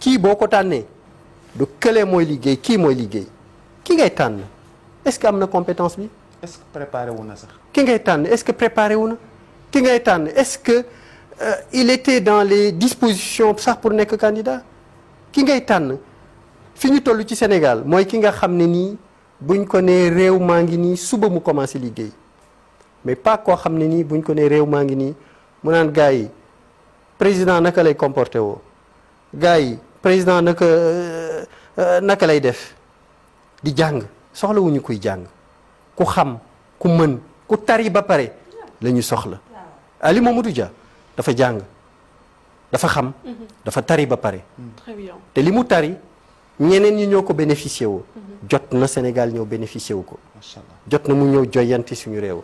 Qui boko ko tànnee du këlee mooy liggéey Qui mooy liggéey ki ngay tan est-ce que am compétence bi. est-ce que préparé wu sax. ki ngay tan est-ce que préparé wu na ki ngay tan est-ce que euh, il était dans les dispositions sax pour nek candidat ki ngay tan fiñu tollu ci Sénégal moy ki nga xamné ni, buñ ko né rew maa ngi nii suba mu commencé liguey mais pas ko xamné ni, buñ ko né rew maa ngi mu nan gaay président naka lay comporté woo président naka euh, euh, naka lay def di jàng soxlawuñu kuy jàng ku xam ku mën ku tari ba pare la ñu soxla Ali Mamadou Dia dafa jàng dafa xam mhm. dafa tari ba pare mm. très te li mu tari ñeneen ñi ñoo ko bénéficié woo mhm. jot na Sénégal ñëw bénéficié wu ko jot na mu ñëw joyanti suñu réew